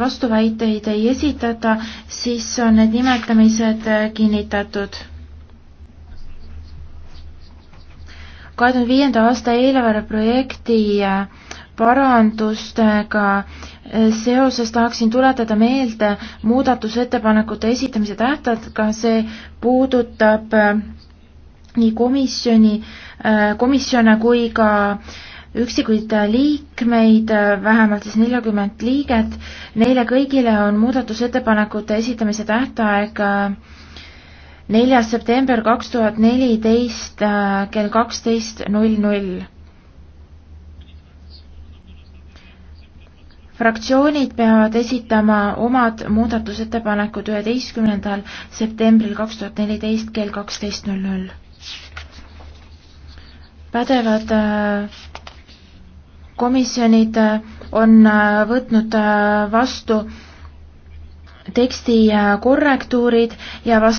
vastuväiteid ei esitata, siis on need nimetamised äh, kinnitatud. kahe tuhande viienda aasta eelarve projekti äh, parandustega äh, seoses tahaksin tuletada meelde muudatusettepanekute esitamise tähtaega, see puudutab nii komisjoni, komisjone kui ka äh, üksikuid liikmeid, vähemalt siis neljakümmend liiget, neile kõigile on muudatusettepanekute esitamise tähtaeg äh, neljas september kaks tuhat neliteist äh, kell kaksteist null null. fraktsioonid peavad esitama omad muudatusettepanekud üheteistkümnendal septembril kaks tuhat neliteist kell kaksteist null null. pädevad äh, komisjonid äh, on äh, võtnud äh, vastu teksti korrektuurid ja vastu